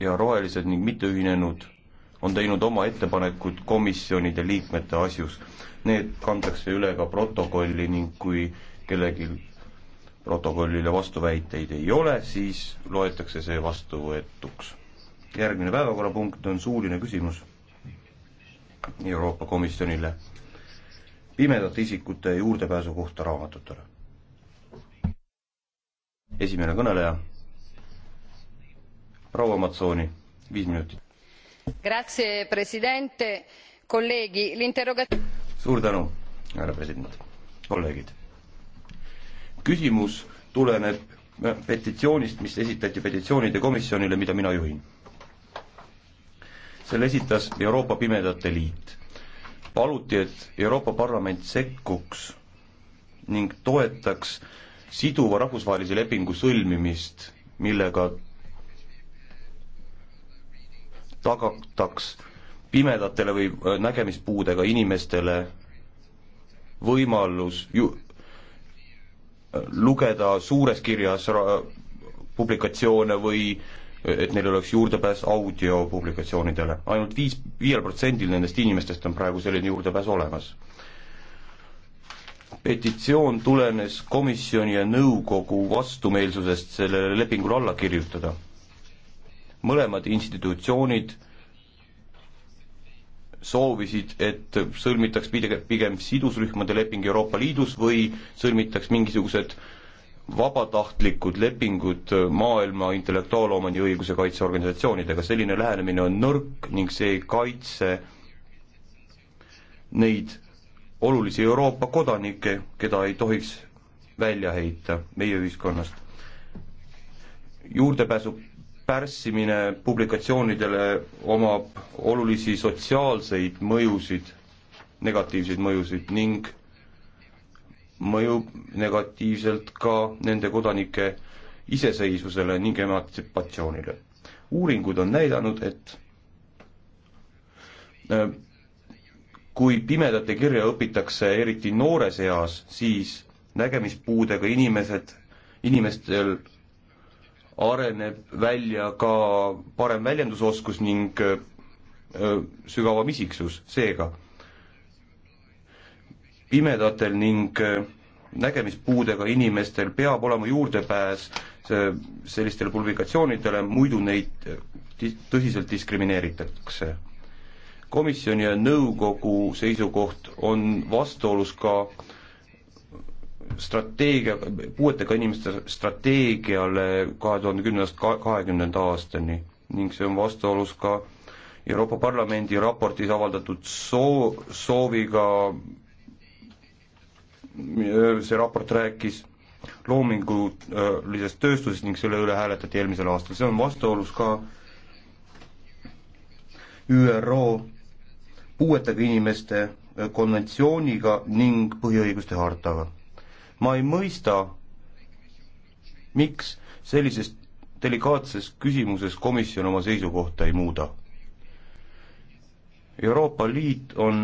ja Rohelised ning Mitteühinenud on teinud oma ettepanekud komisjonide liikmete asjus. Need kantakse üle ka protokolli ning kui kellelgi protokollile vastuväiteid ei ole, siis loetakse see vastuvõetuks. järgmine päevakorrapunkt on suuline küsimus Euroopa Komisjonile pimedate isikute juurdepääsu kohta raamatutele. esimene kõneleja proua Matsooni, viis minutit. Grazie, president, kolleegi, l'interrogat-. suur tänu, härra president, kolleegid. küsimus tuleneb petitsioonist, mis esitati petitsioonide komisjonile, mida mina juhin. selle esitas Euroopa Pimedate Liit. paluti, et Euroopa Parlament sekkuks ning toetaks siduva rahvusvahelise lepingu sõlmimist, millega tagataks pimedatele või äh, nägemispuudega inimestele võimalus ju lugeda suures kirjas publikatsioone või äh, et neil oleks juurdepääs audiopublikatsioonidele. ainult viis, viiel protsendil nendest inimestest on praegu selline juurdepääs olemas. petitsioon tulenes komisjoni ja nõukogu vastumeelsusest sellele lepingule alla kirjutada mõlemad institutsioonid soovisid, et sõlmitaks pigem, pigem sidusrühmade leping Euroopa Liidus või sõlmitaks mingisugused vabatahtlikud lepingud maailma intellektuaalomandi õiguse kaitseorganisatsioonidega, selline lähenemine on nõrk ning see ei kaitse neid olulisi Euroopa kodanikke, keda ei tohiks välja heita meie ühiskonnast. juurdepääsu pärssimine publikatsioonidele omab olulisi sotsiaalseid mõjusid, negatiivseid mõjusid ning mõjub negatiivselt ka nende kodanike iseseisvusele ning emantsipatsioonile. uuringud on näidanud, et äh, kui pimedate kirja õpitakse eriti noores eas, siis nägemispuudega inimesed, inimestel areneb välja ka parem väljendusoskus ning äh, sügavam isiksus, seega pimedatel ning äh, nägemispuudega inimestel peab olema juurdepääs äh, sellistele publikatsioonidele, muidu neid tõsiselt diskrimineeritakse. komisjoni ja nõukogu seisukoht on vastuolus ka äh, strateegia, puuetega inimeste strateegiale kahe tuhande kümnendast kahekümnenda aastani ning see on vastuolus ka Euroopa Parlamendi raportis avaldatud soo-, sooviga, see raport rääkis loomingulisest tööstusest ning selle üle hääletati eelmisel aastal, see on vastuolus ka ÜRO puuetega inimeste konventsiooniga ning põhiõiguste hartaga ma ei mõista, miks sellises delikaatses küsimuses komisjon oma seisukohta ei muuda. Euroopa Liit on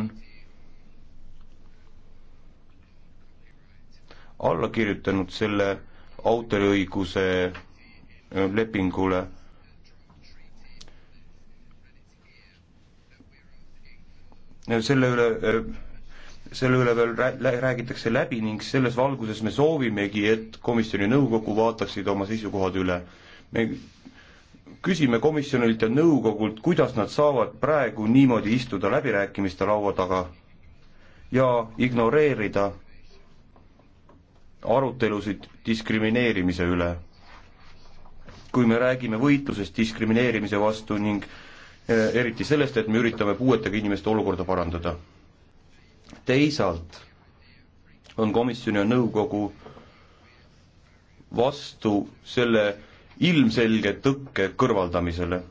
alla kirjutanud selle autoriõiguse äh, lepingule. selle üle äh, selle üle veel rää-, räägitakse läbi ning selles valguses me soovimegi, et komisjon ja nõukogu vaataksid oma seisukohad üle. me küsime komisjonilt ja nõukogult, kuidas nad saavad praegu niimoodi istuda läbirääkimiste laua taga ja ignoreerida arutelusid diskrimineerimise üle. kui me räägime võitlusest diskrimineerimise vastu ning eh, eriti sellest, et me üritame puuetega inimeste olukorda parandada teisalt on komisjon ja nõukogu vastu selle ilmselge tõkke kõrvaldamisele.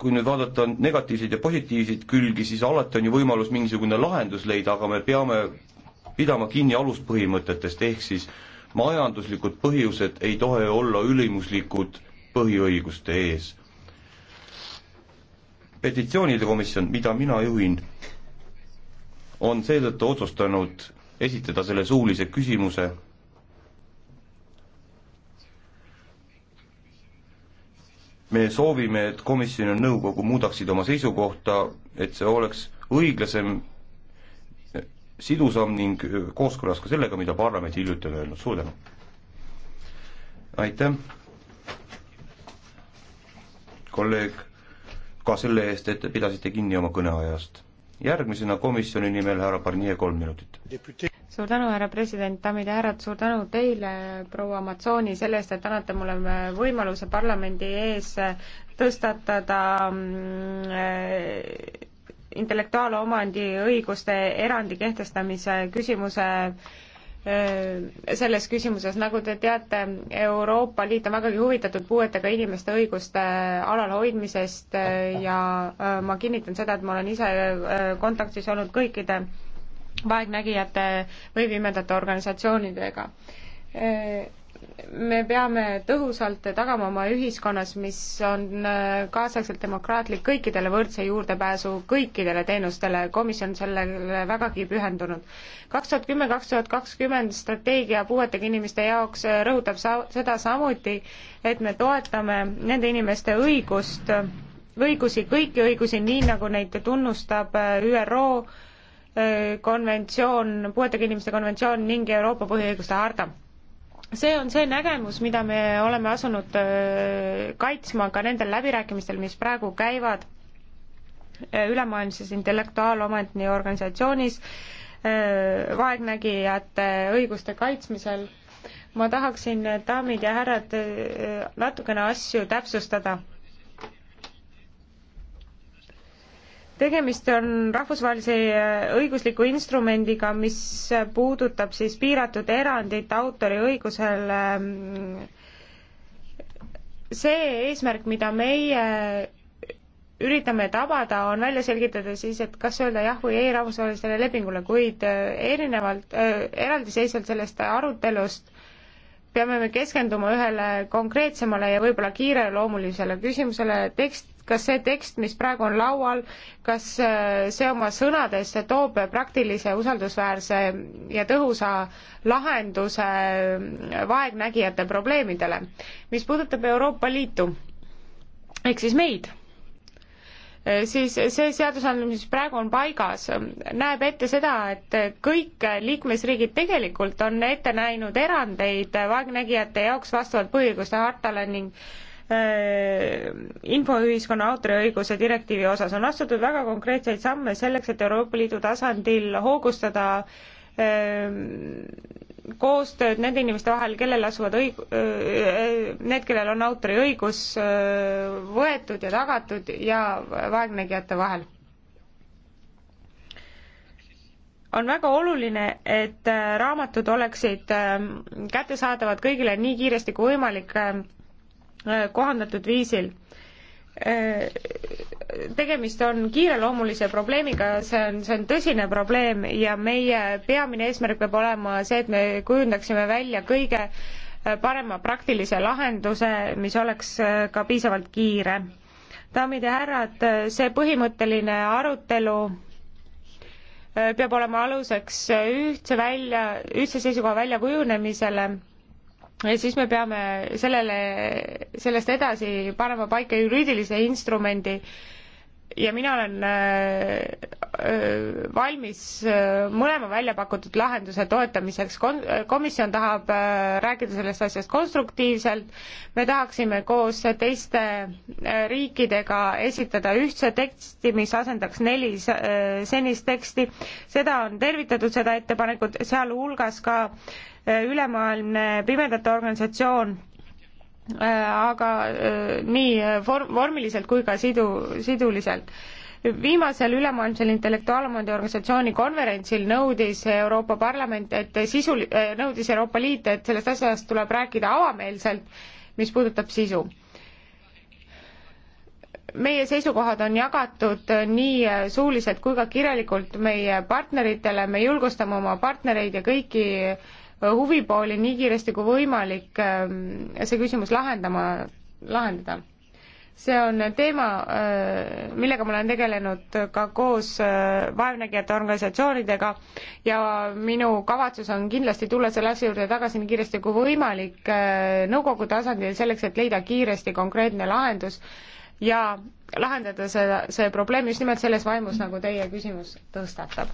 kui nüüd vaadata negatiivseid ja positiivseid külgi, siis alati on ju võimalus mingisugune lahendus leida, aga me peame pidama kinni aluspõhimõtetest, ehk siis majanduslikud põhjused ei tohi olla ülimuslikud põhiõiguste ees. petitsioonide komisjon, mida mina juhin, on seetõttu otsustanud esitada selle suulise küsimuse me soovime, et komisjon ja nõukogu muudaksid oma seisukohta, et see oleks õiglasem, sidusam ning kooskõlas ka sellega, mida parlament hiljuti on öelnud, suur tänu! aitäh, kolleeg, ka selle eest, et te pidasite kinni oma kõneajast järgmisena komisjoni nimel härra Barnier, kolm minutit. suur tänu, härra president, daamid ja härrad, suur tänu teile, proua Matsooni, selle eest, et annate mulle võimaluse parlamendi ees tõstatada mm, äh, intellektuaalomandi õiguste erandi kehtestamise küsimuse Äh, selles küsimuses, nagu te teate, Euroopa Liit on vägagi huvitatud puuetega inimeste õiguste äh, alalhoidmisest äh, ja ma kinnitan seda, et ma olen ise kontaktis olnud kõikide vaegnägijate või pimedate organisatsioonidega me peame tõhusalt tagama oma ühiskonnas, mis on äh, kaasaegselt demokraatlik, kõikidele võrdse juurdepääsu kõikidele teenustele, komisjon sellele vägagi pühendunud. kaks tuhat kümme, kaks tuhat kakskümmend strateegia puuetega inimeste jaoks äh, rõhutab sa-, seda samuti, et me toetame nende inimeste õigust, õigusi, kõiki õigusi, nii nagu neid tunnustab äh, ÜRO konventsioon, puuetega inimeste konventsioon ning Euroopa põhiõiguste harta see on see nägemus, mida me oleme asunud äh, kaitsma ka nendel läbirääkimistel, mis praegu käivad äh, ülemaailmses intellektuaalomandi organisatsioonis äh, vaegnägijate õiguste kaitsmisel. ma tahaksin, daamid ja härrad, natukene asju täpsustada tegemist on rahvusvahelise õigusliku instrumendiga, mis puudutab siis piiratud erandit autoriõigusele. see eesmärk, mida meie üritame tabada, on välja selgitada siis, et kas öelda jah või ei rahvusvahelisele lepingule, kuid äh, erinevalt äh,, eraldiseisvalt sellest arutelust peame me keskenduma ühele konkreetsemale ja võib-olla kiireloomulisele küsimusele, tekst kas see tekst, mis praegu on laual, kas äh, see oma sõnades toob praktilise, usaldusväärse ja tõhusa lahenduse äh, vaegnägijate probleemidele. mis puudutab Euroopa Liitu, ehk siis meid äh, siis see seadusandlus, mis praegu on paigas, näeb ette seda, et kõik liikmesriigid tegelikult on ette näinud erandeid vaegnägijate jaoks vastavalt põhiõiguste hartale ning Äh, infoühiskonna autoriõiguse direktiivi osas on astutud väga konkreetseid samme selleks, et Euroopa Liidu tasandil hoogustada ähm, koostööd nende inimeste vahel, kellel asuvad õig-, äh, need, kellel on autoriõigus äh, võetud ja tagatud ja vaegnägijate vahel. on väga oluline, et raamatud oleksid ähm, kättesaadavad kõigile nii kiiresti kui võimalik ähm, Äh, kohandatud viisil. Äh, tegemist on kiireloomulise probleemiga, see on, see on tõsine probleem ja meie peamine eesmärk peab olema see, et me kujundaksime välja kõige äh, parema praktilise lahenduse, mis oleks ka piisavalt kiire. daamid ja härrad, see põhimõtteline arutelu peab olema aluseks ühtse välja, ühtse seisukoha väljakujunemisele ja siis me peame sellele, sellest edasi panema paika juriidilise instrumendi ja mina olen äh, äh valmis äh, mõlema välja pakutud lahenduse toetamiseks Kon. Äh, komisjon tahab äh, rääkida sellest asjast konstruktiivselt. me tahaksime koos teiste äh, riikidega esitada ühtse teksti, mis asendaks neli äh, senist teksti. seda on tervitatud, seda ettepanekut, sealhulgas ka äh, Äh, ülemaailmne pimedate organisatsioon äh, aga äh, nii vorm-, vormiliselt kui ka sidu, siduliselt. viimasel ülemaailmsel intellektuaalomandi organisatsiooni konverentsil nõudis Euroopa Parlament, et sisu, nõudis Euroopa Liit, et sellest asjast tuleb rääkida avameelselt, mis puudutab sisu. meie seisukohad on jagatud nii suuliselt kui ka kirjalikult meie partneritele, me julgustame oma partnereid ja kõiki huvipooli nii kiiresti kui võimalik ähm, see küsimus lahendama, lahendada. see on teema, äh, millega ma olen tegelenud ka koos äh, vaevnägijate organisatsioonidega ja minu kavatsus on kindlasti tulla selle asja juurde tagasi nii kiiresti kui võimalik äh, nõukogu tasandil, selleks et leida kiiresti konkreetne lahendus ja lahendada seda, see probleem just nimelt selles vaimus, nagu teie küsimus tõstatab.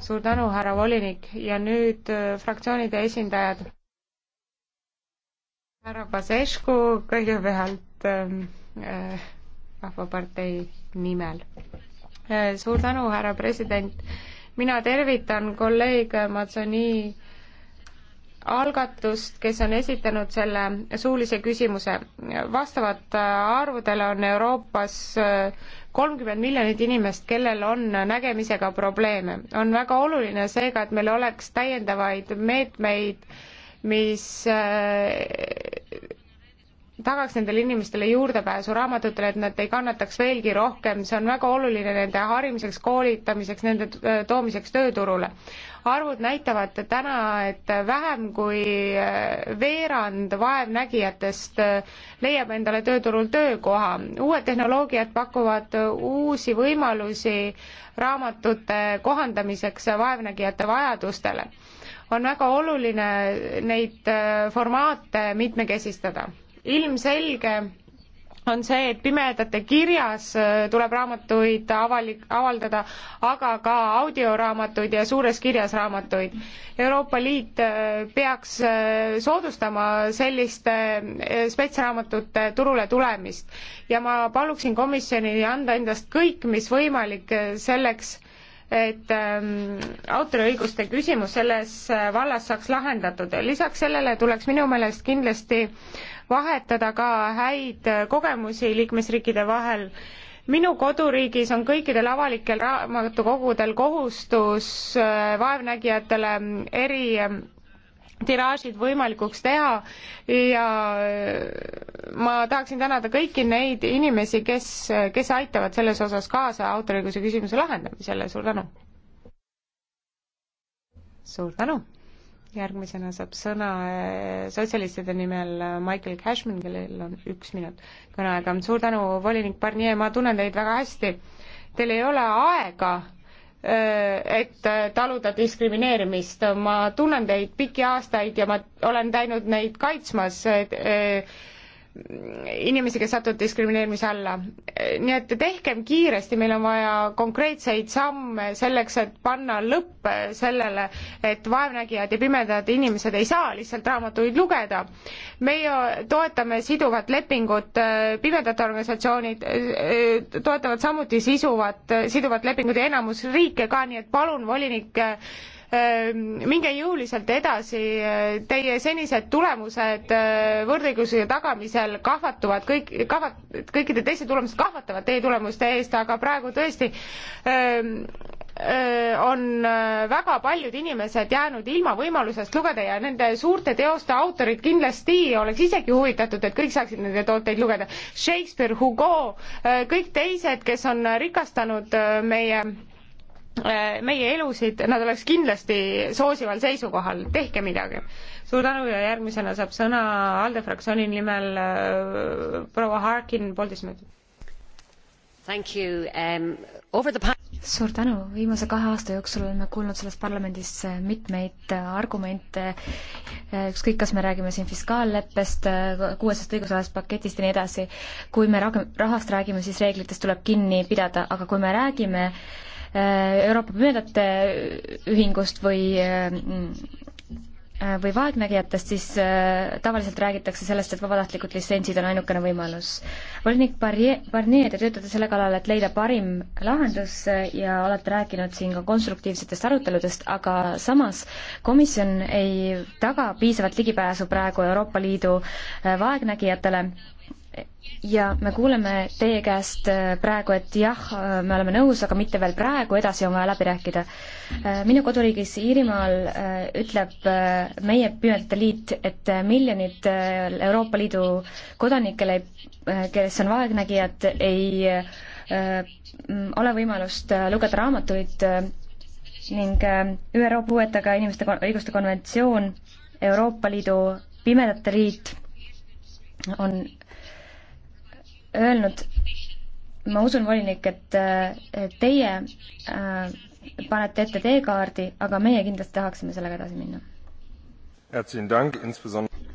suur tänu, härra volinik ja nüüd äh, fraktsioonide esindajad. härra Pasešku kõigepealt ähm, äh, Rahvapartei nimel. Äh, suur tänu, härra president. mina tervitan kolleeg Matsoni äh, algatust, kes on esitanud selle suulise küsimuse. vastavalt äh, arvudele on Euroopas äh, kolmkümmend miljonit inimest, kellel on nägemisega probleeme. on väga oluline seega, et meil oleks täiendavaid meetmeid, mis äh, tagaks nendele inimestele juurdepääsu raamatutele, et nad ei kannataks veelgi rohkem, see on väga oluline nende harimiseks, koolitamiseks, nende toomiseks tööturule. arvud näitavad täna, et vähem kui veerand vaevnägijatest leiab endale tööturul töökoha. uued tehnoloogiad pakuvad uusi võimalusi raamatute kohandamiseks vaevnägijate vajadustele on väga oluline neid formaate mitmekesistada ilmselge on see, et Pimedate Kirjas äh, tuleb raamatuid avalik, avaldada, aga ka audioraamatuid ja suures kirjas raamatuid. Euroopa Liit äh, peaks äh, soodustama selliste spetsraamatute turule tulemist ja ma paluksin komisjonile anda endast kõik, mis võimalik selleks, et ähm, autoriõiguste küsimus selles vallas saaks lahendatud. lisaks sellele tuleks minu meelest kindlasti äh, vahetada ka häid kogemusi liikmesriikide vahel. minu koduriigis on kõikidel avalikel raamatukogudel kohustus äh, vaevnägijatele eri ähm, tiraažid võimalikuks teha ja äh, ma tahaksin tänada kõiki neid inimesi, kes, kes aitavad selles osas kaasa autoriõiguse küsimuse lahendamisele, suur tänu! suur tänu! järgmisena saab sõna äh, sotsialistide nimel äh, Michael Cashman, kellel on üks minut kõneaega. suur tänu, volinik Barnier, ma tunnen teid väga hästi. Teil ei ole aega, äh, et taluda diskrimineerimist, ma tunnen teid pikki aastaid ja ma olen käinud neid kaitsmas inimesi, kes satuvad diskrimineerimise alla. nii et tehkem kiiresti, meil on vaja konkreetseid samme selleks, et panna lõpp sellele, et vaevnägijad ja pimedad inimesed ei saa lihtsalt raamatuid lugeda. meie toetame siduvat lepingut, pimedate organisatsioonid toetavad samuti sisuvat, siduvat lepingut ja enamus riike ka, nii et palun, volinik, Ehm, minge jõuliselt edasi, teie senised tulemused eh, võrdõiguslikkuse tagamisel kahvatuvad kõik, kahvat-, kõikide teiste tulemused kahvatavad teie tulemuste eest, aga praegu tõesti ehm, eh, on eh, väga paljud inimesed jäänud ilma võimalusest lugeda ja nende suurte teoste autorid kindlasti oleks isegi huvitatud, et kõik saaksid nende tooteid lugeda. Shakespeare, Hugo, kõik teised, kes on rikastanud meie Äh, meie elusid, nad oleks kindlasti soosival seisukohal, tehke midagi. suur tänu ja järgmisena saab sõna ALDE fraktsiooni nimel äh, proua Harkin, poolteist minutit. Um, the... suur tänu, viimase kahe aasta jooksul oleme kuulnud selles parlamendis äh, mitmeid argumente, ükskõik, kas me räägime siin fiskaalleppest, kuuesest õigusalast paketist ja nii edasi, kui me rahast räägime, siis reeglitest tuleb kinni pidada, aga kui me räägime äh, Äh, Euroopa Pimedate Ühingust või äh, või vaegnägijatest, siis äh, tavaliselt räägitakse sellest, et vabatahtlikud litsentsid on ainukene võimalus. volinik Barnier, te töötate selle kallal, et leida parim lahendus ja olete rääkinud siin ka konstruktiivsetest aruteludest, aga samas komisjon ei taga piisavat ligipääsu praegu Euroopa Liidu vaegnägijatele ja me kuuleme teie käest äh, praegu, et jah, äh, me oleme nõus, aga mitte veel praegu, edasi on vaja läbi rääkida. Äh, minu koduriigis Iirimaal ütleb meie Pimedate Liit, et miljonid Euroopa Liidu kodanikele, kes on vaegnägijad, ei mm, ole võimalust lugeda raamatuid ning ÜRO puuetega inimeste õiguste konventsioon, Euroopa Liidu Pimedate Liit on öelnud, ma usun, volinik, et teie äh, panete ette teekaardi, aga meie kindlasti tahaksime sellega edasi minna.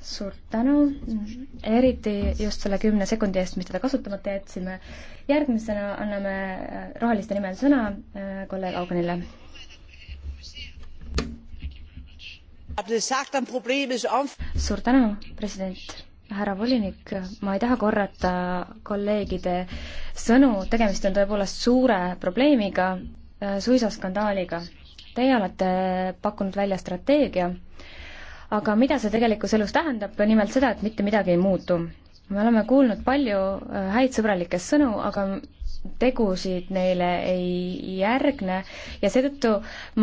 suur tänu, eriti just selle kümne sekundi eest, mis teda kasutamata jätsime. järgmisena anname äh, roheliste nimel sõna äh, kolleeg Augenile. suur tänu, president härra volinik, ma ei taha korrata kolleegide sõnu, tegemist on tõepoolest suure probleemiga, äh, suisa skandaaliga. Teie olete pakkunud välja strateegia, aga mida see tegelikus elus tähendab, nimelt seda, et mitte midagi ei muutu. me oleme kuulnud palju äh, häid sõbralikke sõnu, aga tegusid neile ei järgne ja seetõttu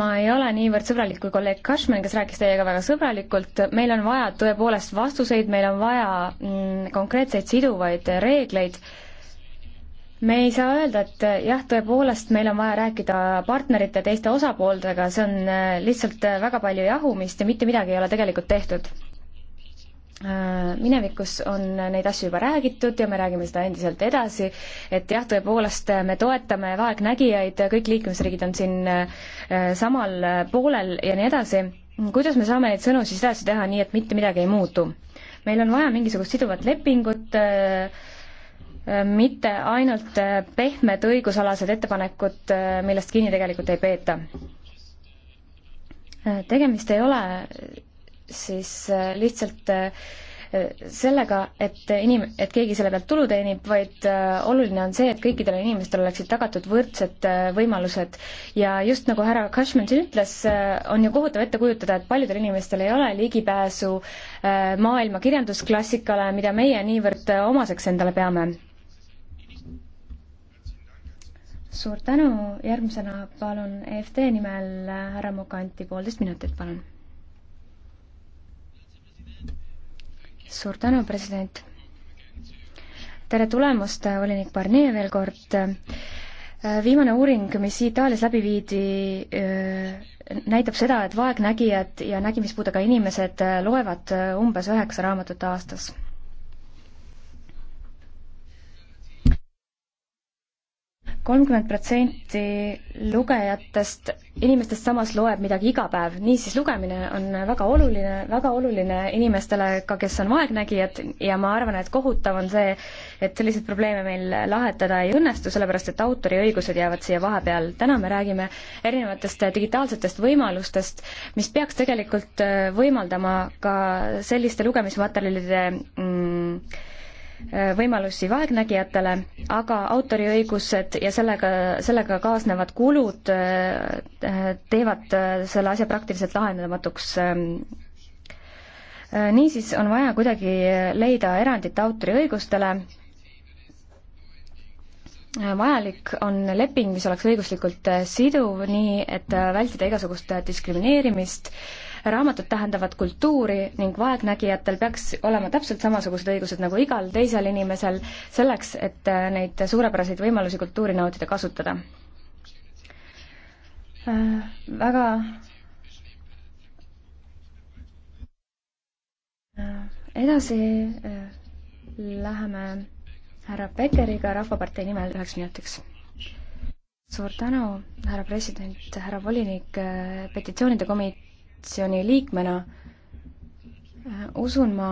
ma ei ole niivõrd sõbralik kui kolleeg Cashman, kes rääkis teiega väga sõbralikult, meil on vaja tõepoolest vastuseid, meil on vaja mm, konkreetseid siduvaid reegleid, me ei saa öelda, et jah, tõepoolest, meil on vaja rääkida partnerite, teiste osapooltega, see on äh, lihtsalt äh, väga palju jahumist ja mitte midagi ei ole tegelikult tehtud Äh, minevikus on neid asju juba räägitud ja me räägime seda endiselt edasi, et jah, tõepoolest äh, me toetame vaegnägijaid, kõik liikmesriigid on siin äh, samal poolel ja nii edasi. kuidas me saame neid sõnu siis edasi teha nii, et mitte midagi ei muutu? meil on vaja mingisugust siduvat lepingut, mitte ainult pehmed õigusalased ettepanekud, millest kinni tegelikult ei peeta. tegemist ei ole siis äh, lihtsalt äh, sellega, et inim-, et keegi selle pealt tulu teenib, vaid äh, oluline on see, et kõikidele inimestele oleksid tagatud võrdsed võimalused. ja just nagu härra Cashman siin ütles, on ju kohutav ette kujutada, et paljudel inimestel ei ole ligipääsu maailma kirjandusklassikale, mida meie niivõrd omaseks endale peame. suur tänu, järgmisena palun EFT nimel härra Mokanti, poolteist minutit, palun suur tänu, president. tere tulemast, volinik Barnier veel kord. viimane uuring, mis Itaalias läbi viidi, näitab seda, et vaegnägijad ja nägemispuudega inimesed loevad umbes üheksa raamatut aastas kolmkümmend protsenti lugejatest, inimestest samas loeb midagi iga päev, niisiis lugemine on väga oluline, väga oluline inimestele ka, kes on vaegnägijad ja ma arvan, et kohutav on see, et selliseid probleeme meil lahendada ei õnnestu, sellepärast et autoriõigused jäävad siia vahepeal. täna me räägime erinevatest digitaalsetest võimalustest, mis peaks tegelikult võimaldama ka selliste lugemismaterjalide mm, võimalusi vaegnägijatele, aga autoriõigused ja sellega, sellega kaasnevad kulud äh, teevad äh, selle asja praktiliselt lahendamatuks. Äh, niisiis on vaja kuidagi leida erandit autoriõigustele, vajalik on leping, mis oleks õiguslikult siduv, nii et vältida igasugust diskrimineerimist äh, raamatud tähendavad kultuuri ning vaegnägijatel peaks olema täpselt samasugused õigused nagu igal teisel inimesel, selleks et äh, neid suurepäraseid võimalusi kultuuri nautida kasutada. Äh, väga äh, edasi läheme härra Pekeriga Rahvapartei nimel üheks minutiks suur tänu, härra president, härra volinik, petitsioonide komitee komisjoni liikmena usun ma,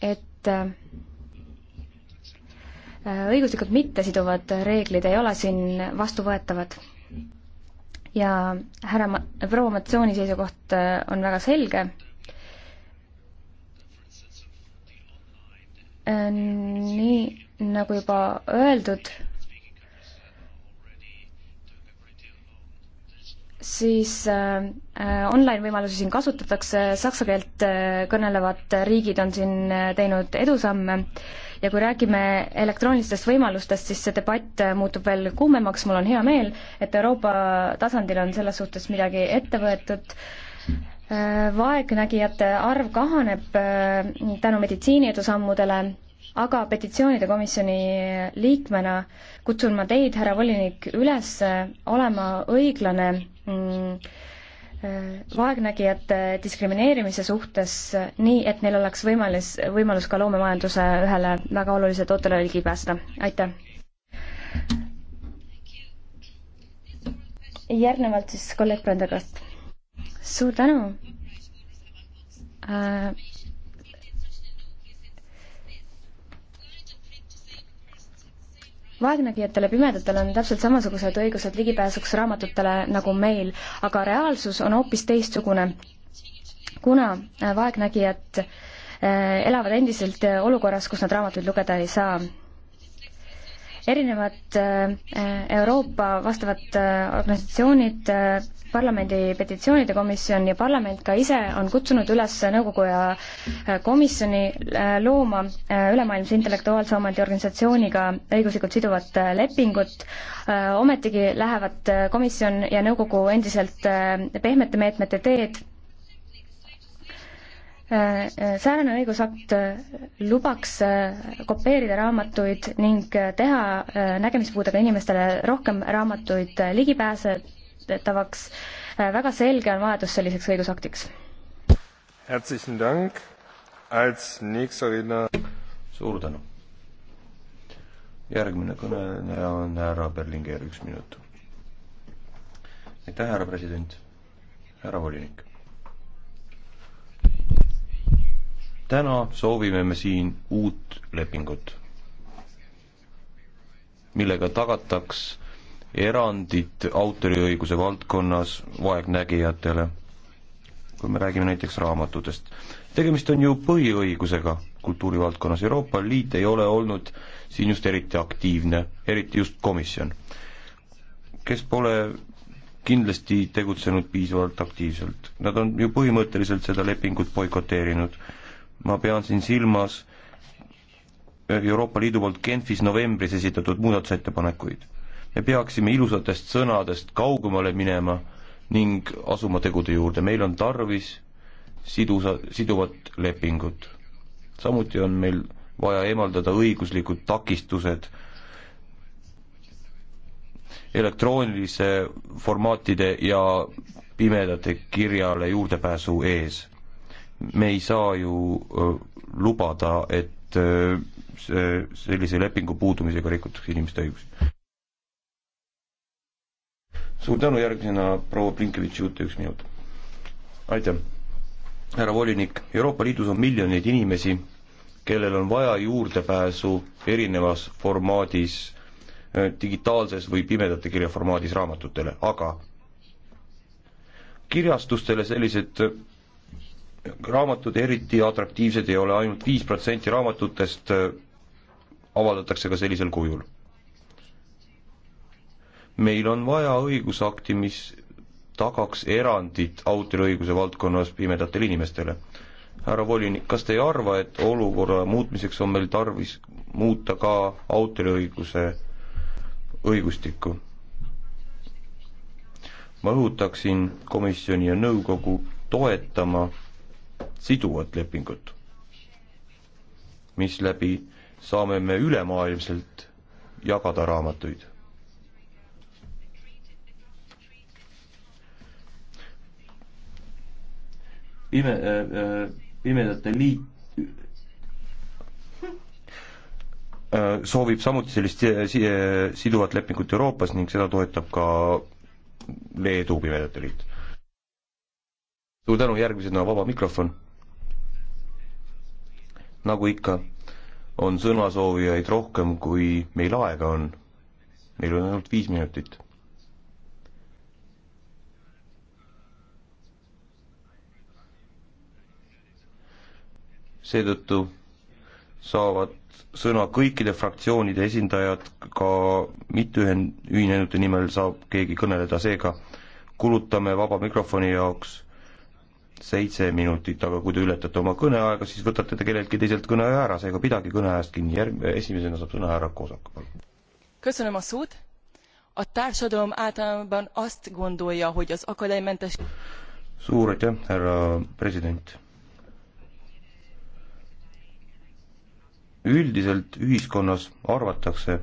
et äh, õiguslikult mittesiduvad reeglid ei ole siin vastuvõetavad. ja härra, proua Matsiooni seisukoht äh, on väga selge. Äh, nii nagu juba öeldud siis äh, äh online-võimalusi siin kasutatakse, saksa keelt äh, kõnelevad riigid on siin äh, teinud edusamme ja kui räägime elektroonilistest võimalustest, siis see debatt äh, muutub veel kuumemaks, mul on hea meel, et Euroopa tasandil on selles suhtes midagi ette võetud äh,. vaegnägijate arv kahaneb äh, tänu meditsiini edusammudele aga petitsioonide komisjoni liikmena kutsun ma teid, härra volinik, üles olema õiglane Mm, vaegnägijate diskrimineerimise suhtes, nii et neil oleks võimalus, võimalus ka loomemajanduse ühele väga olulisele tootele ligi pääseda. aitäh! järgnevalt siis kolleeg Brenda Kast. suur tänu äh,! vaegnägijatele, pimedatele on täpselt samasugused õigused ligipääsuks raamatutele nagu meil, aga reaalsus on hoopis teistsugune. kuna äh, vaegnägijad äh, elavad endiselt äh, olukorras, kus nad raamatuid lugeda ei saa erinevad äh, Euroopa vastavad äh, organisatsioonid, äh, parlamendi petitsioonide komisjon ja parlament ka ise on kutsunud üles nõukogu ja komisjoni looma ülemaailmse intellektuaalse omandi organisatsiooniga õiguslikult siduvat lepingut. ometigi lähevad komisjon ja nõukogu endiselt pehmete meetmete teed säärane õigusakt lubaks äh, kopeerida raamatuid ning äh, teha äh, nägemispuudega inimestele rohkem raamatuid ligipääsetavaks. väga selge on vajadus selliseks õigusaktiks. suur tänu. järgmine kõneleja on härra Berlinger, üks minut. aitäh, härra president, härra volinik täna soovime me siin uut lepingut, millega tagataks erandid autoriõiguse valdkonnas vaegnägijatele, kui me räägime näiteks raamatutest. tegemist on ju põhiõigusega kultuurivaldkonnas, Euroopa Liit ei ole olnud siin just eriti aktiivne, eriti just komisjon, kes pole kindlasti tegutsenud piisavalt aktiivselt. Nad on ju põhimõtteliselt seda lepingut boikoteerinud ma pean siin silmas eh, Euroopa Liidu poolt Genfis novembris esitatud muudatusettepanekuid. me peaksime ilusatest sõnadest kaugemale minema ning asuma tegude juurde, meil on tarvis sidusa, siduvat lepingut. samuti on meil vaja eemaldada õiguslikud takistused elektroonilise formaatide ja pimedate kirjale juurdepääsu ees me ei saa ju lubada, et see, sellise lepingu puudumisega rikutakse inimeste õigusi. suur tänu, järgmisena proua Plinkevitši jutt, üks minut. aitäh. härra volinik, Euroopa Liidus on miljoneid inimesi, kellel on vaja juurdepääsu erinevas formaadis, digitaalses või pimedate kirja formaadis raamatutele, aga kirjastustele sellised raamatud eriti atraktiivsed ei ole ainult, ainult viis protsenti raamatutest äh, avaldatakse ka sellisel kujul. meil on vaja õigusakti, mis tagaks erandid autoriõiguse valdkonnas pimedatele inimestele. härra volinik, kas te ei arva, et olukorra muutmiseks on meil tarvis muuta ka autoriõiguse õigustikku? ma õhutaksin komisjoni ja nõukogu toetama siduvat lepingut, misläbi saame me ülemaailmselt jagada raamatuid. ime äh,, imedate liit äh, soovib samuti sellist si si siduvat lepingut Euroopas ning seda toetab ka Leedu Pimedate Liit. suur tänu, järgmisena vaba mikrofon nagu ikka, on sõnasoovijaid rohkem, kui meil aega on. meil on ainult viis minutit. seetõttu saavad sõna kõikide fraktsioonide esindajad, ka mitteühinenute nimel saab keegi kõneleda, seega kulutame vaba mikrofoni jaoks seitse minutit, aga kui te ületate oma kõneaega, siis võtate te kelleltki teiselt kõneaja ära, seega pidage kõneajast kinni, järg-, esimesena saab sõna härra Kosak, palun. köszönöm a szót. A társadalom általában azt gondolja, hogy az akadálymentes suur aitäh, härra president. üldiselt ühiskonnas arvatakse,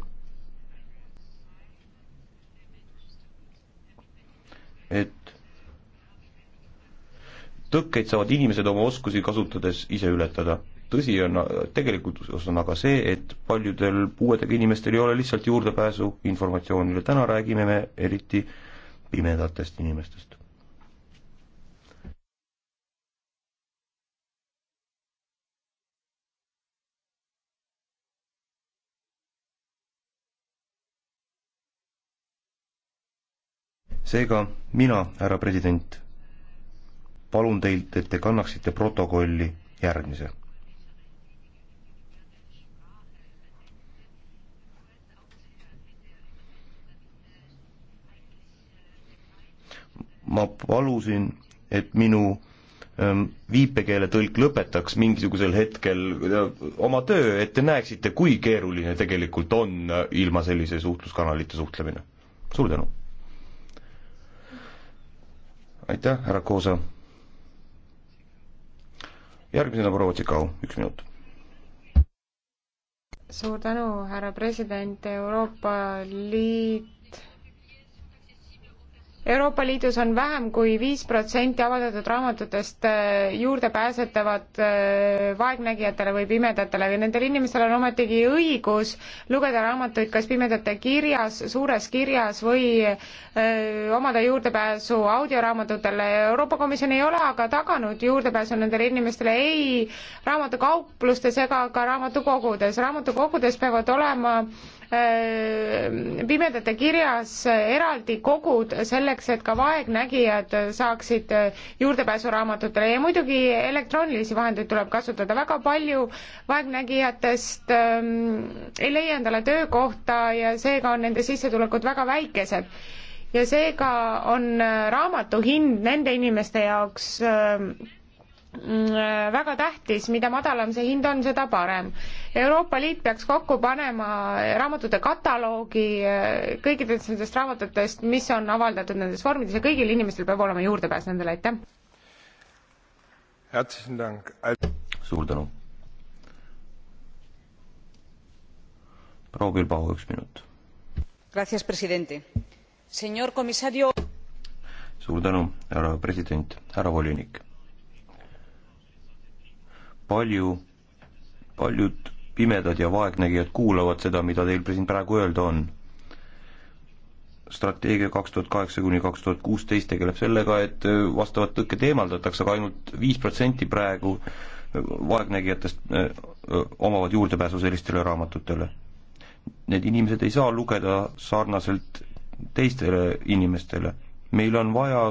et tõkkeid saavad inimesed oma oskusi kasutades ise ületada. tõsi on, tegelikkus on aga see, et paljudel puuetega inimestel ei ole lihtsalt juurdepääsu informatsioonile, täna räägime me eriti pimedatest inimestest. seega mina, härra president, palun teilt, et te kannaksite protokolli järgmise. ma palusin, et minu ähm, viipekeeletõlk lõpetaks mingisugusel hetkel äh, oma töö, et te näeksite, kui keeruline tegelikult on äh, ilma sellise suhtluskanalite suhtlemine. suur tänu! aitäh, härra Koosa! järgmisena proua Tsikau, üks minut. suur tänu, härra president, Euroopa Liit Euroopa Liidus on vähem kui viis protsenti avaldatud raamatutest äh, juurdepääsetavad äh, vaegnägijatele või pimedatele, aga nendel inimestel on ometigi õigus lugeda raamatuid kas pimedate kirjas, suures kirjas või öö, äh, omada juurdepääsu audioraamatutele. Euroopa Komisjon ei ole aga taganud juurdepääsu nendele inimestele ei raamatukauplustes ega ka raamatukogudes. raamatukogudes peavad olema öö, Äh, pimedate kirjas eraldi kogud selleks, et ka vaegnägijad saaksid äh, juurdepääsu raamatutele ja muidugi elektroonilisi vahendeid tuleb kasutada. väga palju vaegnägijatest ähm, ei leia endale töökohta ja seega on nende sissetulekud väga väikesed. ja seega on äh, raamatu hind nende inimeste jaoks öö, ähm, Mm, äh, väga tähtis, mida madalam see hind on, seda parem. Euroopa Liit peaks kokku panema raamatute kataloogi äh, kõikidest nendest raamatutest, mis on avaldatud nendes vormides ja kõigil inimestel peab olema juurdepääs nendele, aitäh! suur tänu! proua Bilbao, üks minut. suur tänu, härra president, härra volinik palju, paljud pimedad ja vaegnägijad kuulavad seda, mida teil siin praegu öelda on. strateegia kaks tuhat kaheksa kuni kaks tuhat kuusteist tegeleb sellega, et vastavad tõkked eemaldatakse, aga ainult viis protsenti praegu vaegnägijatest äh, äh, omavad juurdepääsu sellistele raamatutele. Need inimesed ei saa lugeda sarnaselt teistele inimestele. meil on vaja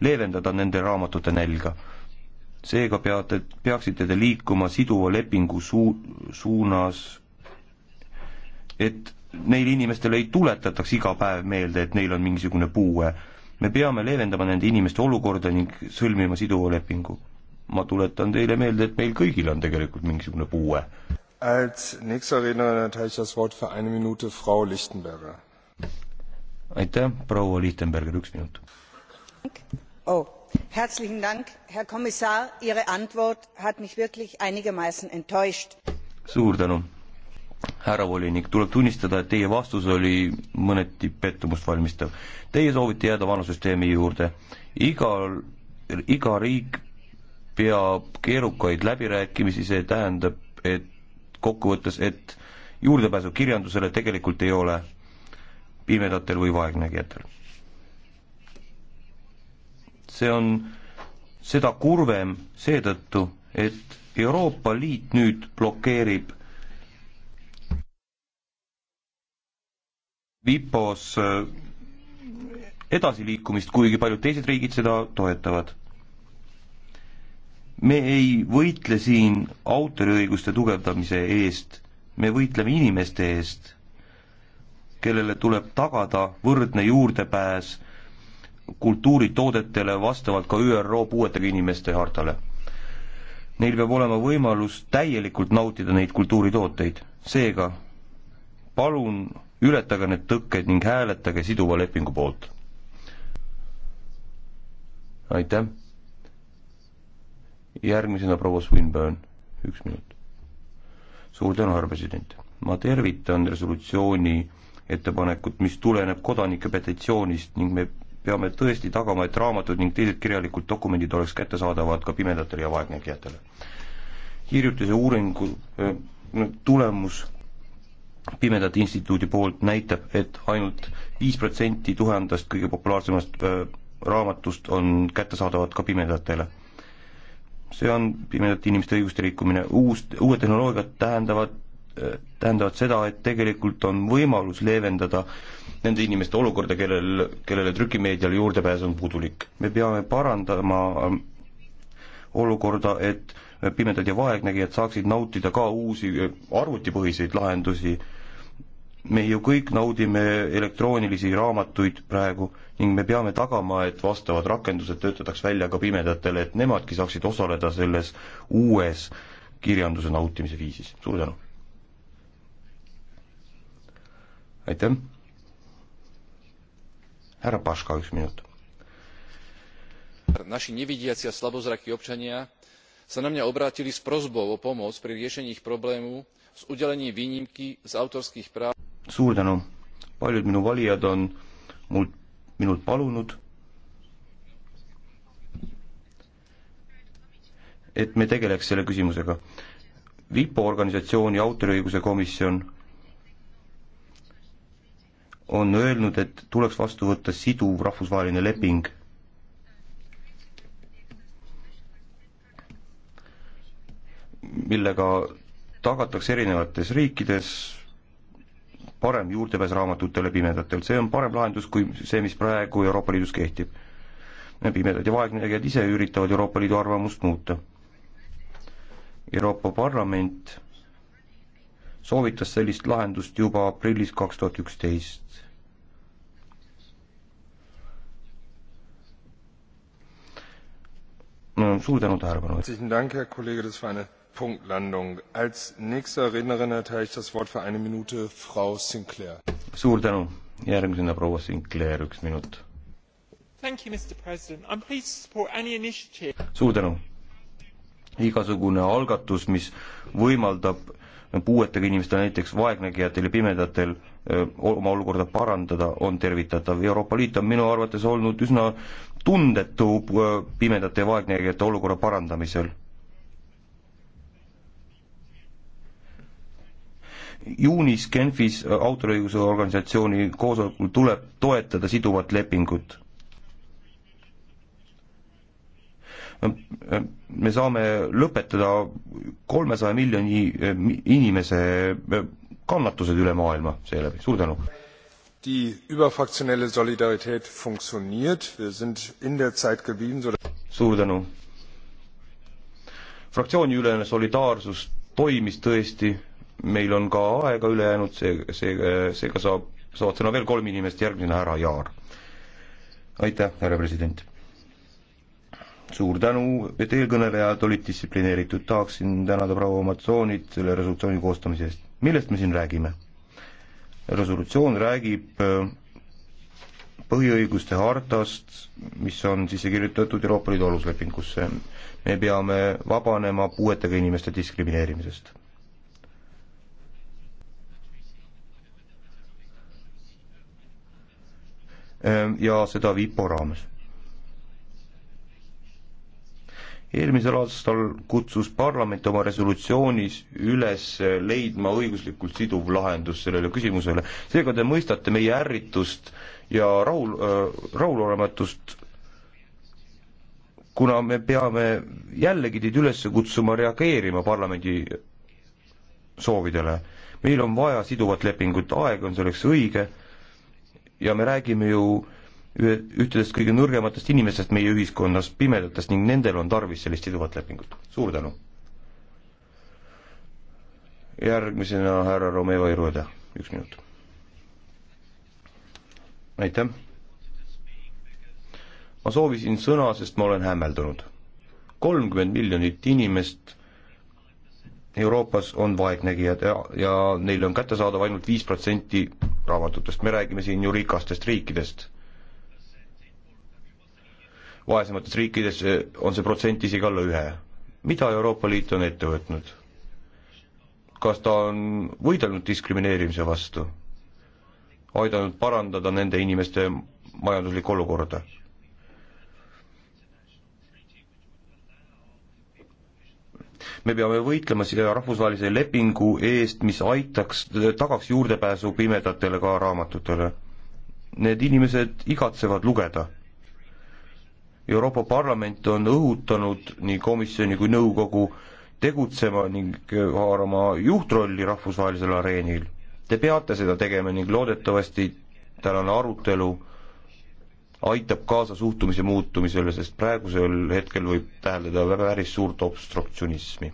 leevendada nende raamatute nälga seega peate, peaksite te liikuma siduva lepingu suu-, suunas, et neil inimestel ei tuletataks iga päev meelde, et neil on mingisugune puue. me peame leevendama nende inimeste olukorda ning sõlmima siduva lepingu. ma tuletan teile meelde, et meil kõigil on tegelikult mingisugune puue. Als nächster Redner erteile ich das Wort für eine Minute Frau Lichtenberger. aitäh, proua Lichtenberger, üks minut. oh herzlichen dank herr kommissar! ihre antwort hat mich wirklich einigermaßen enttäuscht. härra volinik tuleb tunnistada et teie vastus oli mõneti pettumust valmistav. teie soovite jääda vana süsteemi juurde igal iga riik peab keerukaid läbirääkimisi see tähendab et kokkuvõttes et juurdepääsu kirjandusele tegelikult ei ole pimedatel või vaegnägijatel see on seda kurvem seetõttu, et Euroopa Liit nüüd blokeerib VIPO-s äh, edasiliikumist, kuigi paljud teised riigid seda toetavad. me ei võitle siin autoriõiguste tugevdamise eest, me võitleme inimeste eest, kellele tuleb tagada võrdne juurdepääs kultuuritoodetele vastavalt ka ÜRO puuetega inimeste hartale. Neil peab olema võimalus täielikult nautida neid kultuuritooteid, seega palun ületage need tõkked ning hääletage siduva lepingu poolt. aitäh. järgmisena proua Swinburne, üks minut. suur tänu, härra president. ma tervitan resolutsiooni ettepanekut, mis tuleneb kodanike petitsioonist ning me peame tõesti tagama, et raamatud ning teised kirjalikud dokumendid oleks kättesaadavad ka pimedatele ja vaegnägijatele. hiljutise uuringu äh, tulemus Pimedate Instituudi poolt näitab, et ainult viis protsenti tuhandest kõige populaarsemast äh, raamatust on kättesaadavad ka pimedatele. see on pimedate inimeste õiguste rikkumine, uus, uued tehnoloogiad tähendavad tähendavad seda, et tegelikult on võimalus leevendada nende inimeste olukorda, kellel, kellele trükimeediale juurdepääs on puudulik. me peame parandama ähm, olukorda, et pimedad ja vaegnägijad saaksid nautida ka uusi äh, arvutipõhiseid lahendusi, me ju kõik naudime elektroonilisi raamatuid praegu ning me peame tagama, et vastavad rakendused töötataks välja ka pimedatele, et nemadki saaksid osaleda selles uues kirjanduse nautimise viisis. suur tänu! aitäh. härra Paška, üks minut. naši nevidiaci a slabozrakí občania sa na mňa obrátili s prosbou o pomoc pri riešení ich problému s udelením výnimky z autorských práv. suur tänu. paljud minu valijad on mult, minult palunud, et me tegeleks selle küsimusega. WIPO organisatsiooni autoriõiguse komisjon on öelnud, et tuleks vastu võtta siduv rahvusvaheline leping. millega tagatakse erinevates riikides parem juurdepääs raamatutele pimedatel, see on parem lahendus kui see, mis praegu Euroopa Liidus kehtib. pimedad ja vaegnägijad ise üritavad Euroopa Liidu arvamust muuta. Euroopa Parlament soovitas sellist lahendust juba aprillis kaks tuhat üksteist. suur tänu tähelepanu eest! punktlandung. Als nächste Rednerin erteile ich das Wort für eine Minute Frau Sinclair. Suur tänu. Järgmisena proua Sinclair, üks minut. Thank you, Mr. President. I'm pleased to support any initiative. Suur tänu. Igasugune algatus, mis võimaldab puuetega inimestel, näiteks vaegnägijatel ja pimedatel oma olukorda parandada, on tervitatav. Euroopa Liit on minu arvates olnud üsna tundetu pimedate ja vaegnägijate olukorra parandamisel. juunis Genfis autoriõiguse organisatsiooni koosolekul tuleb toetada siduvat lepingut me saame lõpetada kolmesaja miljoni eh, inimese eh, kannatused üle maailma seeläbi, suur tänu! die überfraktionelle solidarität funktioniert. Wir sind in der Zeit geblieben. Suur tänu. fraktsiooniülene solidaarsus toimis tõesti, meil on ka aega üle jäänud, see, see, seega saab, saavad sõna veel kolm inimest, järgmine härra Jaar. aitäh, härra president suur tänu, et eelkõnelejad olid distsiplineeritud, tahaksin tänada proua Matsoonit selle resolutsiooni koostamise eest. millest me siin räägime? resolutsioon räägib äh, põhiõiguste hartast, mis on sisse kirjutatud Euroopa Liidu aluslepingusse. me peame vabanema puuetega inimeste diskrimineerimisest. Äh, ja seda WIPO raames eelmisel aastal kutsus parlament oma resolutsioonis üles leidma õiguslikult siduv lahendus sellele küsimusele. seega te mõistate meie ärritust ja rahul äh,, rahulolematust, kuna me peame jällegi teid üles kutsuma reageerima parlamendi soovidele. meil on vaja siduvat lepingut, aeg on selleks õige ja me räägime ju äh, ühtedest kõige nõrgematest inimestest meie ühiskonnas, pimedatest ning nendel on tarvis sellist siduvat lepingut. suur tänu! järgmisena härra Romeo Irueda, üks minut. aitäh! ma soovisin sõna, sest ma olen hämmeldunud. kolmkümmend miljonit inimest Euroopas on vaegnägijad ja, ja neile on kättesaadav ainult viis protsenti raamatutest, me räägime siin ju rikastest riikidest vaesemates riikides eh, on see protsent isegi alla ühe. mida Euroopa Liit on ette võtnud? kas ta on võidelnud diskrimineerimise vastu? aidanud parandada nende inimeste majanduslikku olukorda? me peame võitlema selle rahvusvahelise lepingu eest, mis aitaks, tagaks juurdepääsu pimedatele ka raamatutele. Need inimesed igatsevad lugeda Euroopa Parlament on õhutanud nii komisjoni kui nõukogu tegutsema ning haarama juhtrolli rahvusvahelisel areenil. Te peate seda tegema ning loodetavasti tänane arutelu aitab kaasa suhtumise muutumisele, sest praegusel hetkel võib täheldada päris suurt obstruktsionismi.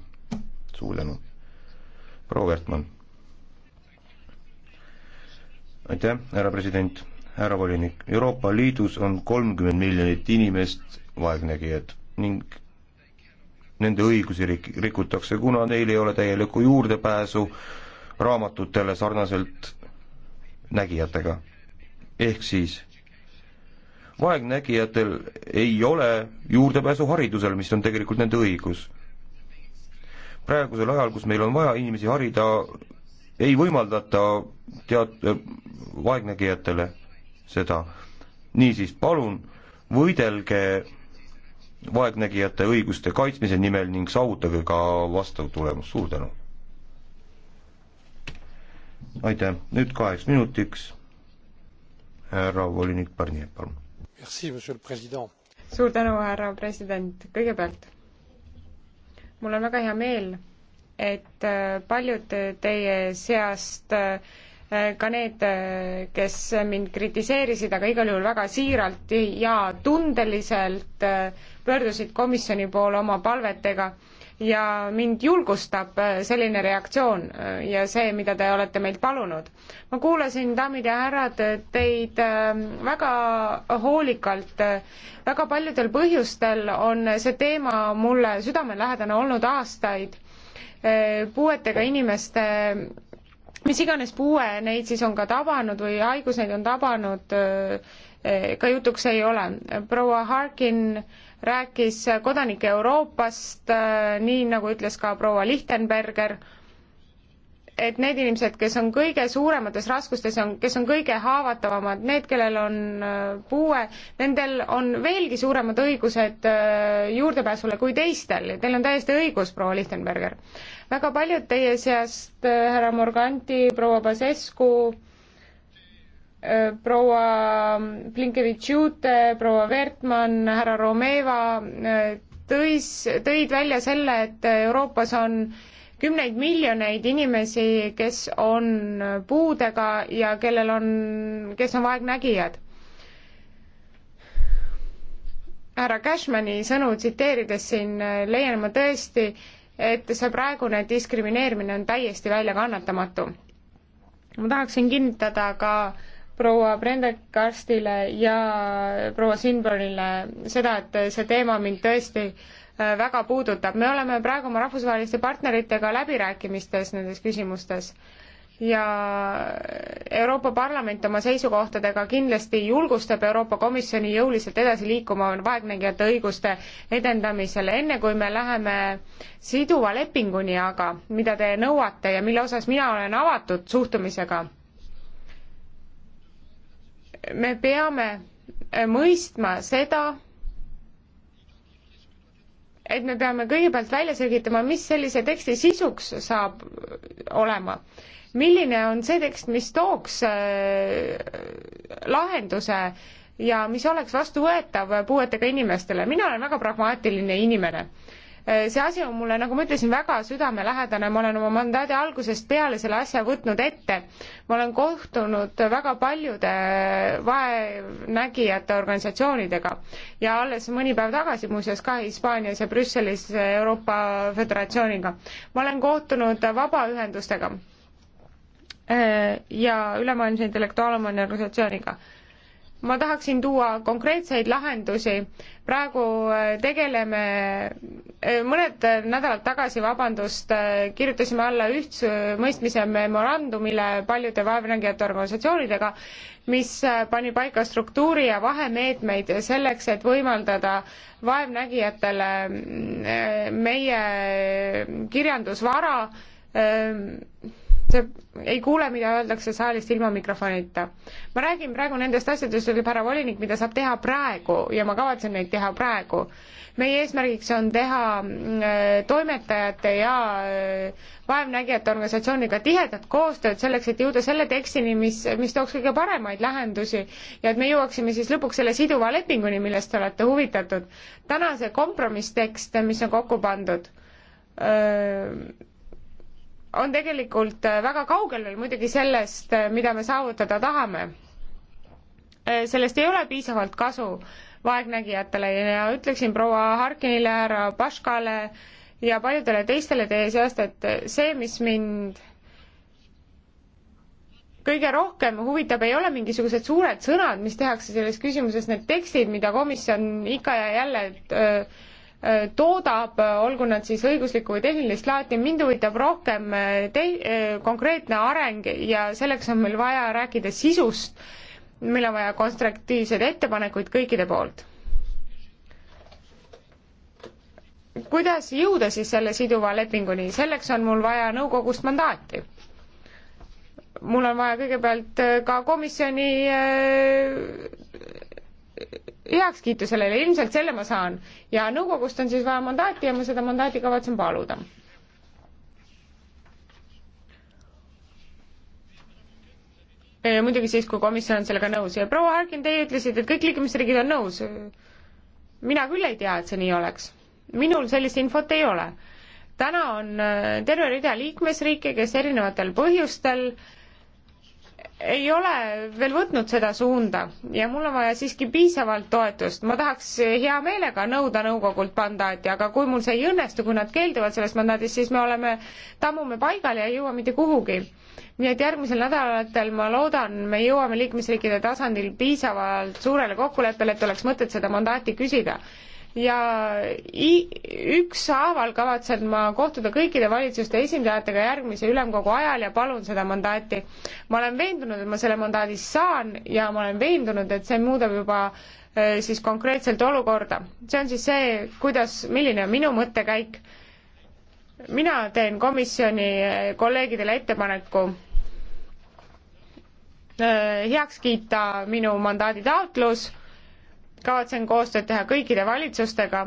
suur tänu. proua Kertmann. aitäh, härra president härra volinik, Euroopa Liidus on kolmkümmend miljonit inimest vaegnägijad ning nende õigusi rik-, rikutakse, kuna neil ei ole täielikku juurdepääsu raamatutele sarnaselt nägijatega. ehk siis vaegnägijatel ei ole juurdepääsu haridusele, mis on tegelikult nende õigus. praegusel ajal, kus meil on vaja inimesi harida, ei võimaldata tead-, vaegnägijatele seda. niisiis, palun võidelge vaegnägijate õiguste kaitsmise nimel ning saavutage ka vastav tulemus, suur tänu! aitäh, nüüd kaheks minutiks härra volinik Barnier, palun! suur tänu, härra president, kõigepealt mul on väga hea meel, et äh, paljud teie seast äh, ka need, kes mind kritiseerisid, aga igal juhul väga siiralt ja tundeliselt pöördusid komisjoni poole oma palvetega ja mind julgustab selline reaktsioon ja see, mida te olete meilt palunud. ma kuulasin, daamid ja härrad, teid ähm, väga hoolikalt, väga paljudel põhjustel on see teema mulle südamelähedane olnud aastaid, äh, puuetega inimeste mis iganes puue neid siis on ka tabanud või haigus neid on tabanud, eh, ka jutuks ei ole. proua Harkin rääkis kodanike Euroopast, eh, nii nagu ütles ka proua Lichtenberger et need inimesed, kes on kõige suuremates raskustes, on, kes on kõige haavatavamad, need, kellel on äh, puue, nendel on veelgi suuremad õigused äh, juurdepääsule kui teistel ja teil on täiesti õigus, proua Lichtenberger. väga paljud teie seast, äh, härra Morganti, proua Basescu, proua mm, Blinkevitš-Jute, proua Wertmann, härra Romeva, tõis, tõid välja selle, et Euroopas on kümneid miljoneid inimesi, kes on puudega ja kellel on, kes on vaegnägijad. härra Cashmani sõnu tsiteerides siin eh, leian ma tõesti, et see praegune diskrimineerimine on täiesti väljakannatamatu. ma tahaksin kinnitada ka proua Prendekastile ja proua Sinbornile seda, et see teema mind tõesti äh, Äh, väga puudutab. me oleme praegu oma rahvusvaheliste partneritega läbirääkimistes nendes küsimustes ja Euroopa Parlament oma seisukohtadega kindlasti julgustab Euroopa Komisjoni jõuliselt edasi liikuma vaegnägijate õiguste edendamisel, enne kui me läheme siduva lepinguni aga, mida te nõuate ja mille osas mina olen avatud suhtumisega. me peame mõistma seda, et me peame kõigepealt välja selgitama, mis sellise teksti sisuks saab olema. milline on see tekst, mis tooks äh, lahenduse ja mis oleks vastuvõetav puuetega inimestele. mina olen väga pragmaatiline inimene Eh, see asi on mulle, nagu ma ütlesin, väga südamelähedane, ma olen oma mandaadi algusest peale selle asja võtnud ette. ma olen kohtunud väga paljude vaenägijate organisatsioonidega ja alles mõni päev tagasi muuseas ka Hispaanias ja Brüsselis Euroopa Föderatsiooniga. ma olen kohtunud vabaühendustega eh, ja Ülemaailmse Intellektuaalomani organisatsiooniga ma tahaksin tuua konkreetseid lahendusi. praegu äh, tegeleme, äh, mõned nädalad tagasi, vabandust, äh, kirjutasime alla ühtsmõistmise memorandumile paljude vaevnägijate organisatsioonidega, mis pani paika struktuuri ja vahemeetmeid selleks, et võimaldada vaevnägijatele meie kirjandusvara see ei kuule, mida öeldakse saalist ilma mikrofonita. ma räägin praegu nendest asjadest, ütleb härra volinik, mida saab teha praegu ja ma kavatsen neid teha praegu. meie eesmärgiks on teha mm, äh, toimetajate ja äh, vaevnägijate organisatsiooniga tihedat koostööd selleks, et jõuda selle tekstini, mis, mis tooks kõige paremaid lahendusi ja et me jõuaksime siis lõpuks selle siduva lepinguni, millest te olete huvitatud. täna see kompromisstekst, mis on kokku pandud öö, on tegelikult äh, väga kaugel veel muidugi sellest, äh, mida me saavutada tahame. Äh, sellest ei ole piisavalt kasu vaegnägijatele ja ütleksin proua Harkinile, härra Paškale ja paljudele teistele teie seast, et see, mis mind kõige rohkem huvitab, ei ole mingisugused suured sõnad, mis tehakse selles küsimuses, need tekstid, mida komisjon ikka ja jälle öö, toodab, olgu nad siis õiguslikku või tehnilist laati, mind huvitab rohkem eh, te-, eh, konkreetne areng ja selleks on meil vaja rääkida sisust, meil on vaja konstruktiivseid ettepanekuid kõikide poolt. kuidas jõuda siis selle siduva lepinguni, selleks on mul vaja nõukogust mandaati mul on vaja kõigepealt eh, ka komisjoni heakskiitu sellele, ilmselt selle ma saan. ja nõukogust on siis vaja mandaati ja ma seda mandaati kavatsen paluda. E, muidugi siis, kui komisjon on sellega nõus ja proua Harkin, teie ütlesite, et kõik liikmesriigid on nõus. mina küll ei tea, et see nii oleks. minul sellist infot ei ole. täna on e, terve rida liikmesriike, kes erinevatel põhjustel äh, ei ole veel võtnud seda suunda ja mul on vaja siiski piisavalt toetust. ma tahaks hea meelega nõuda nõukogult mandaati, aga kui mul see ei õnnestu, kui nad keelduvad sellest mandaadist, siis me oleme, tammume paigal ja ei jõua mitte kuhugi. nii et järgmisel nädalatel ma loodan, me jõuame liikmesriikide tasandil piisavalt suurele kokkuleppele, et oleks mõtet seda mandaati küsida ja ükshaaval kavatsen ma kohtuda kõikide valitsuste esindajatega järgmise ülemkogu ajal ja palun seda mandaati. ma olen veendunud, et ma selle mandaadi saan ja ma olen veendunud, et see muudab juba äh, siis konkreetselt olukorda. see on siis see, kuidas, milline on minu mõttekäik. mina teen komisjoni äh, kolleegidele ettepaneku äh, heaks kiita minu mandaadi taotlus kavatsen koostööd teha kõikide valitsustega,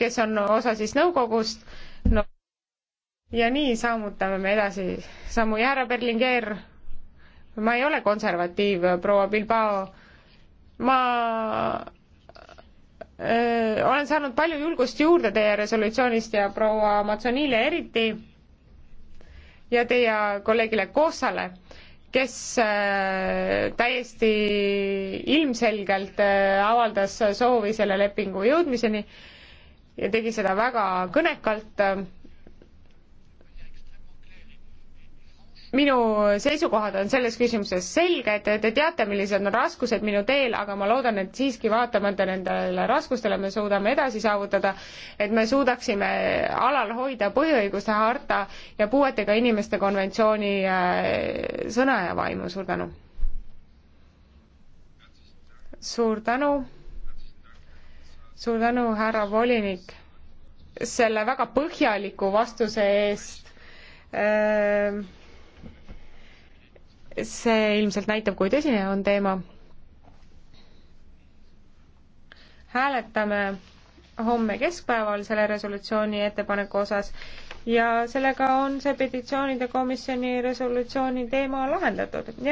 kes on osa siis nõukogust no, ja nii sammutame me edasi sammu ja härra Berlinger, ma ei ole konservatiiv, proua Bilbao, ma öö, äh, olen saanud palju julgust juurde teie resolutsioonist ja proua Matsonile eriti ja teie kolleegile Kossale kes äh, täiesti ilmselgelt äh, avaldas soovi selle lepingu jõudmiseni ja tegi seda väga kõnekalt äh, minu seisukohad on selles küsimuses selged, te teate, millised on raskused minu teel, aga ma loodan, et siiski vaatamata nendele raskustele me suudame edasi saavutada, et me suudaksime alal hoida põhiõiguste harta ja puuetega inimeste konventsiooni äh, sõna ja vaimu, suur tänu! suur tänu, suur tänu, härra volinik, selle väga põhjaliku vastuse eest äh, see ilmselt näitab, kui tõsine on teema. hääletame homme keskpäeval selle resolutsiooni ettepaneku osas ja sellega on see petitsioonide komisjoni resolutsiooni teema lahendatud.